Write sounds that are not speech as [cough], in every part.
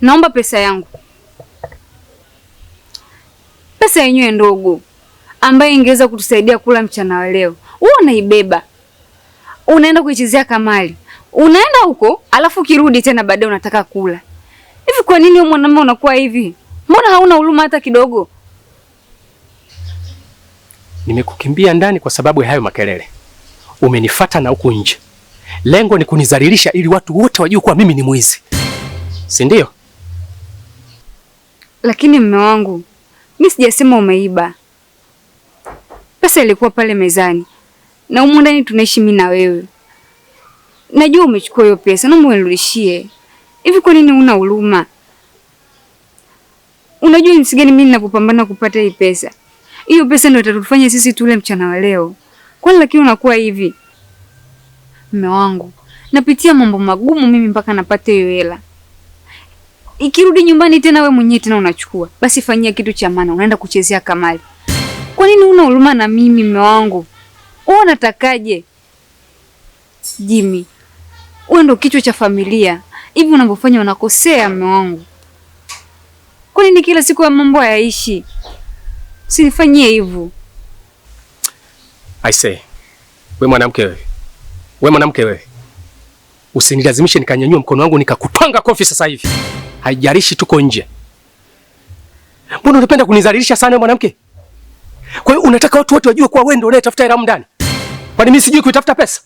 Naomba pesa yangu, pesa yenyewe ndogo ambayo ingeweza kutusaidia kula mchana wa leo. Wewe unaibeba unaenda kuichezea kamali, unaenda huko alafu ukirudi tena baadaye unataka kula hivi. Kwa nini mwanamume unakuwa hivi? Mbona hauna huruma hata kidogo? Nimekukimbia ndani kwa sababu ya hayo makelele, umenifata na huku nje, lengo ni kunizalilisha ili watu wote wajue kuwa mimi ni mwizi, si ndio? Lakini mme wangu, mi sijasema umeiba. Pesa ilikuwa pale mezani na humu ndani tunaishi mimi na wewe. Najua umechukua hiyo pesa, naomba unirudishie. Hivi kwa nini una huruma? Unajua jinsi gani mimi ninapopambana kupata hii pesa? Hiyo pesa ndio itatufanya sisi tule mchana wa leo. Kwani lakini unakuwa hivi? Mme wangu, napitia mambo magumu mimi mpaka napata hiyo hela ikirudi nyumbani tena we mwenyewe tena unachukua. Basi fanyia kitu cha maana, unaenda kuchezea kamali. Kwa nini una huruma na mimi mume wangu? Wewe unatakaje? Jimmy, wewe ndo kichwa cha familia. Hivi unavyofanya unakosea mume wangu. Kwa nini kila siku ya mambo hayaishi? Usinifanyie hivyo. I say, we mwanamke wewe. We mwanamke wewe. Usinilazimishe nikanyanyua mkono wangu nikakutwanga kofi sasa hivi haijalishi tuko nje. Mbona unapenda kunizalilisha sana mwanamke? Kwa hiyo unataka watu wote wajue kuwa wewe ndio unayetafuta hela ndani? Kwani mimi sijui kuitafuta pesa?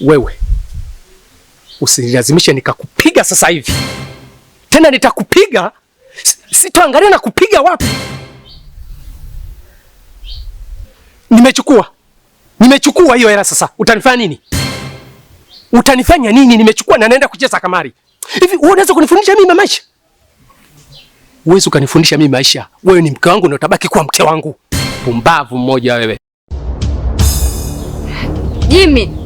Wewe usinilazimishe nikakupiga sasa hivi tena, nitakupiga sitoangalia na kupiga wapi. Nimechukua, nimechukua hiyo hela sasa. Utanifanya nini? Utanifanya nini? Nimechukua na naenda kucheza kamari. Hivi wewe unaweza kunifundisha mimi maisha? Uwezi ukanifundisha mimi maisha. Wewe ni mke wangu na utabaki kuwa mke wangu. Pumbavu mmoja wewe Jimmy.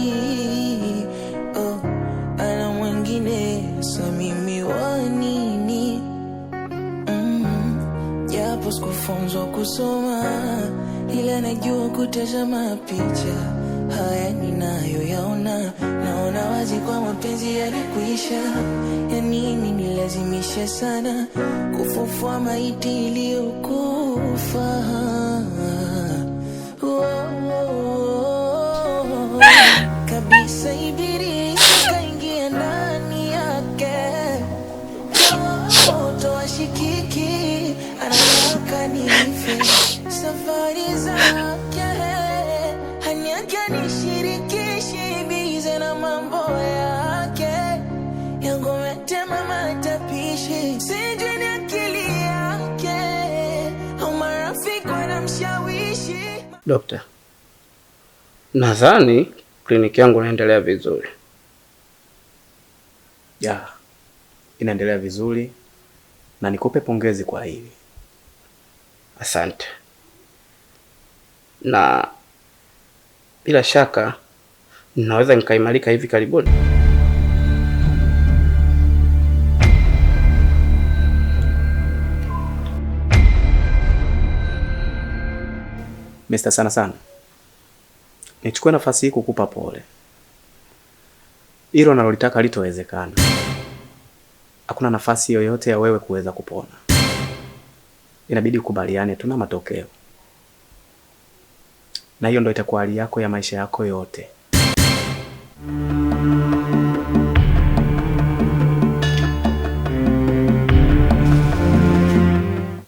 Nimefunzwa kusoma ila najua kutazama picha. Haya ninayoyaona naona wazi kwa mapenzi yalikuisha. yanini nilazimisha sana kufufua maiti iliyokufa? Dokta, nadhani kliniki yangu inaendelea vizuri ya, inaendelea vizuri na nikupe pongezi kwa hili. Asante. Na bila shaka ninaweza nikaimarika hivi karibuni. Mr. sana sana, nichukue nafasi hii kukupa pole. Hilo nalolitaka litowezekana. Hakuna nafasi yoyote ya wewe kuweza kupona, inabidi ukubaliane, tuna matokeo na hiyo ndo itakuwa hali yako ya maisha yako yote.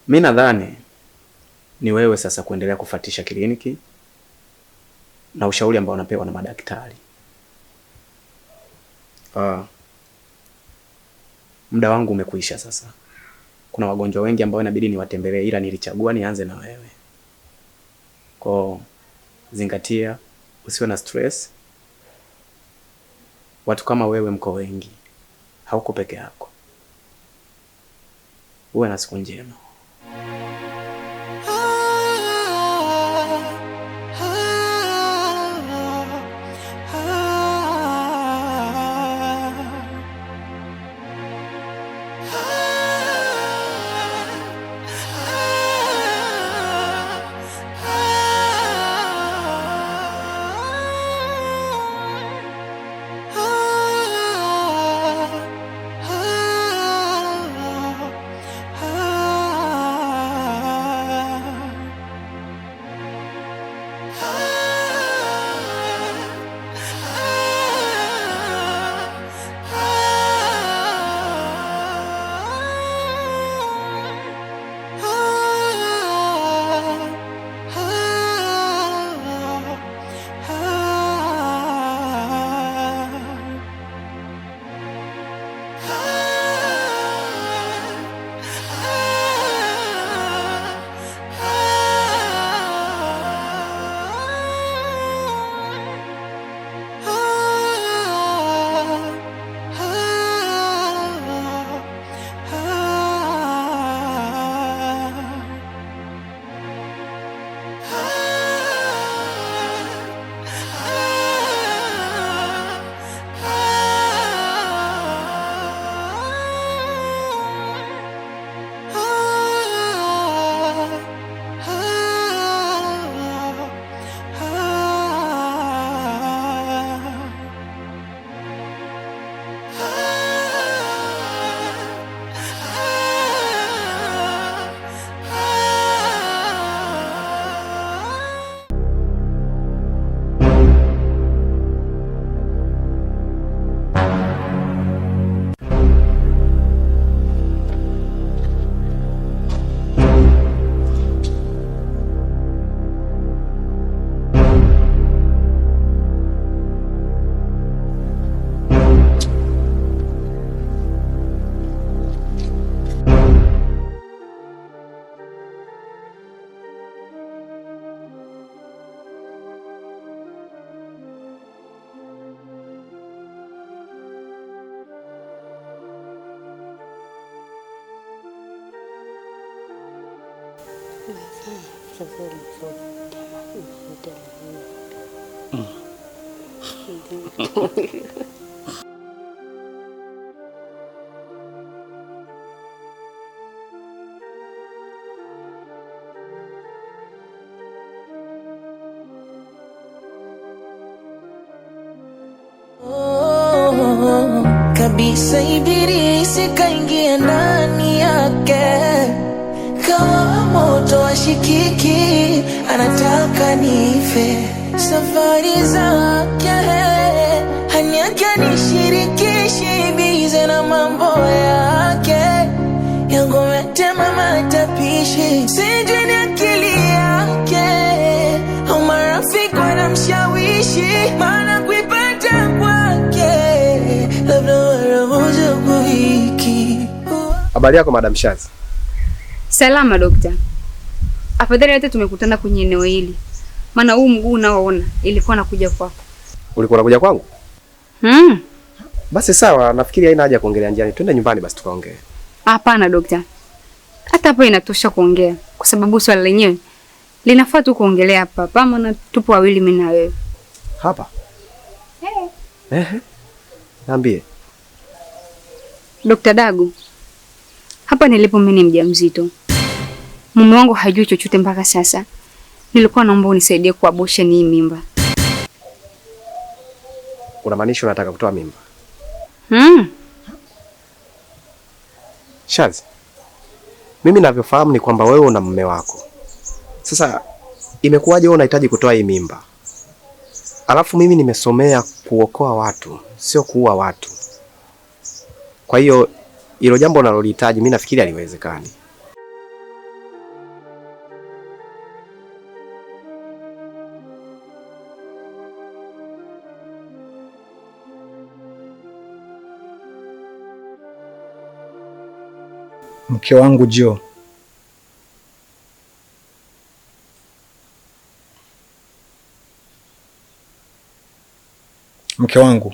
Mi nadhani ni wewe sasa kuendelea kufatisha kliniki na ushauri ambao unapewa na madaktari. Uh, muda wangu umekuisha sasa. Kuna wagonjwa wengi ambao inabidi niwatembelee, ila nilichagua nianze na wewe. Kwa zingatia, usiwe na stress. Watu kama wewe mko wengi, hauko peke yako. Uwe na siku njema. nisaidiri kaingie ndani yake, kama moto washikiki, anataka nife safari zake rafiki. Habari yako Madam Shazi? Salama dokta. Afadhali hata tumekutana kwenye eneo hili, maana huu mguu unaoona ilikuwa nakuja kwako. Ulikuwa nakuja kwangu? Hmm. Basi sawa, nafikiri haina haja ya kuongelea njiani, twende nyumbani basi tukaongee. Hapana dokta, hata hapo inatosha kuongea, kwa sababu swala lenyewe linafaa tu kuongelea hapa hapa, maana tupo wawili, mimi na wewe hapa. Hey. Eh. Ehe, naambie Dokta Dago, hapa nilipo mimi ni mjamzito, mume wangu hajui chochote mpaka sasa. Nilikuwa naomba unisaidie kuabosha ni hii mimba. Unamaanisha unataka kutoa mimba? Hmm. Shazi, mimi navyofahamu ni kwamba wewe una mume wako. Sasa imekuwaje wewe unahitaji kutoa hii mimba? Alafu mimi nimesomea kuokoa watu, sio kuua watu. Kwa hiyo hilo jambo nalolihitaji mimi nafikiri haliwezekani. Mke wangu Jo, mke wangu.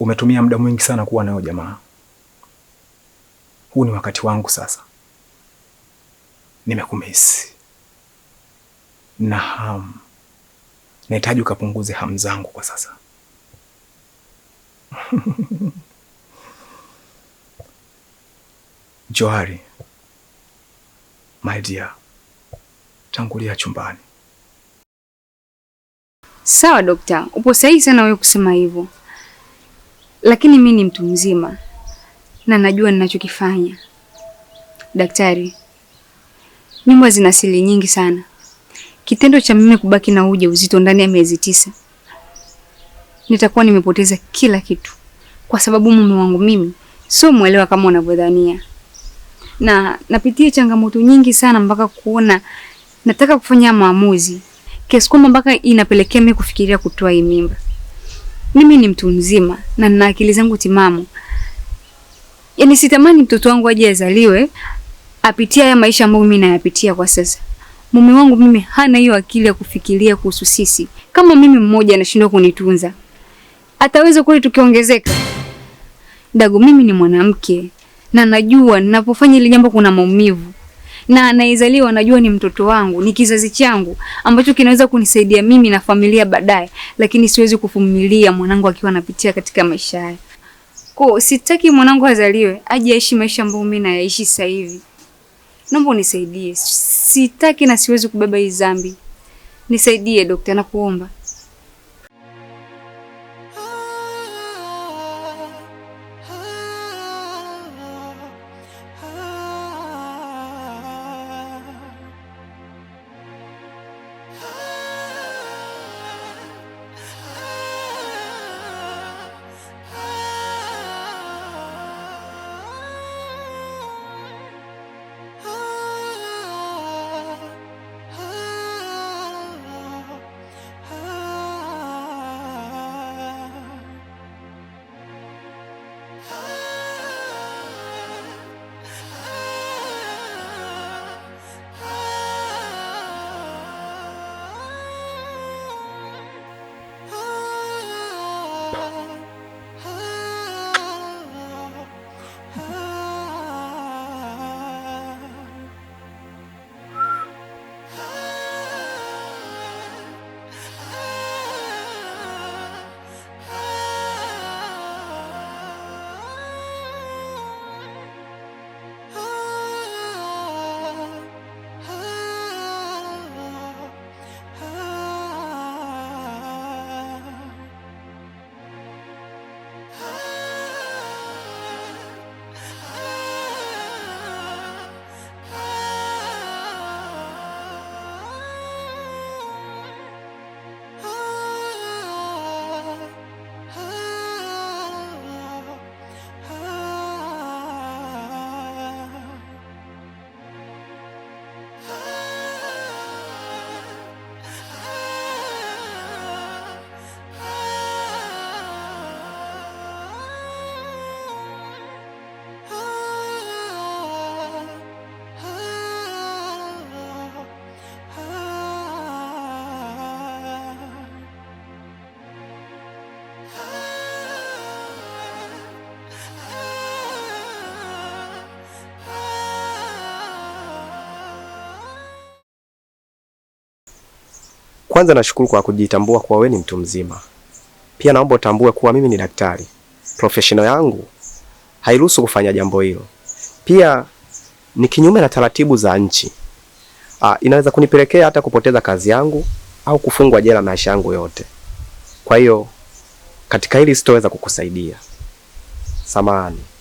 Umetumia muda mwingi sana kuwa nayo jamaa. Huu ni wakati wangu sasa. Nimekumisi na hamu, nahitaji ukapunguze hamu zangu kwa sasa. [laughs] Johari, my dear, tangulia chumbani. Sawa dokta, upo sahihi sana wewe kusema hivyo, lakini mi ni mtu mzima na najua ninachokifanya. Daktari, nyumba zina siri nyingi sana. Kitendo cha mimi kubaki na uzito ndani ya miezi tisa, nitakuwa nimepoteza kila kitu kwa sababu mume wangu mimi sio mwelewa kama unavyodhania, na napitia changamoto nyingi sana mpaka kuona nataka kufanya maamuzi kiasi kwamba mpaka inapelekea mimi kufikiria kutoa hii mimba. Mimi ni mtu mzima na nina akili zangu timamu, yaani sitamani mtoto wangu aje azaliwe apitia haya maisha ambayo mimi nayapitia kwa sasa. Mume wangu mimi hana hiyo akili ya kufikiria kuhusu sisi. Kama mimi mmoja anashindwa kunitunza, ataweza kweli tukiongezeka? Dago, mimi ni mwanamke na najua ninapofanya ile jambo kuna maumivu, na anaizaliwa najua ni mtoto wangu, ni kizazi changu ambacho kinaweza kunisaidia mimi na familia baadaye, lakini siwezi kuvumilia mwanangu akiwa anapitia katika maisha haya. Kwa sitaki mwanangu azaliwe aje aishi maisha ambayo mimi nayaishi sasa hivi. Naomba unisaidie, sitaki na siwezi kubeba hii dhambi. Nisaidie dokta, nakuomba. Kwanza nashukuru kwa kujitambua kuwa wewe ni mtu mzima. Pia naomba utambue kuwa mimi ni daktari. Professional yangu hairuhusu kufanya jambo hilo. Pia ni kinyume na taratibu za nchi. Aa, ah, inaweza kunipelekea hata kupoteza kazi yangu au kufungwa jela maisha yangu yote. Kwa hiyo katika hili sitoweza kukusaidia. Samahani.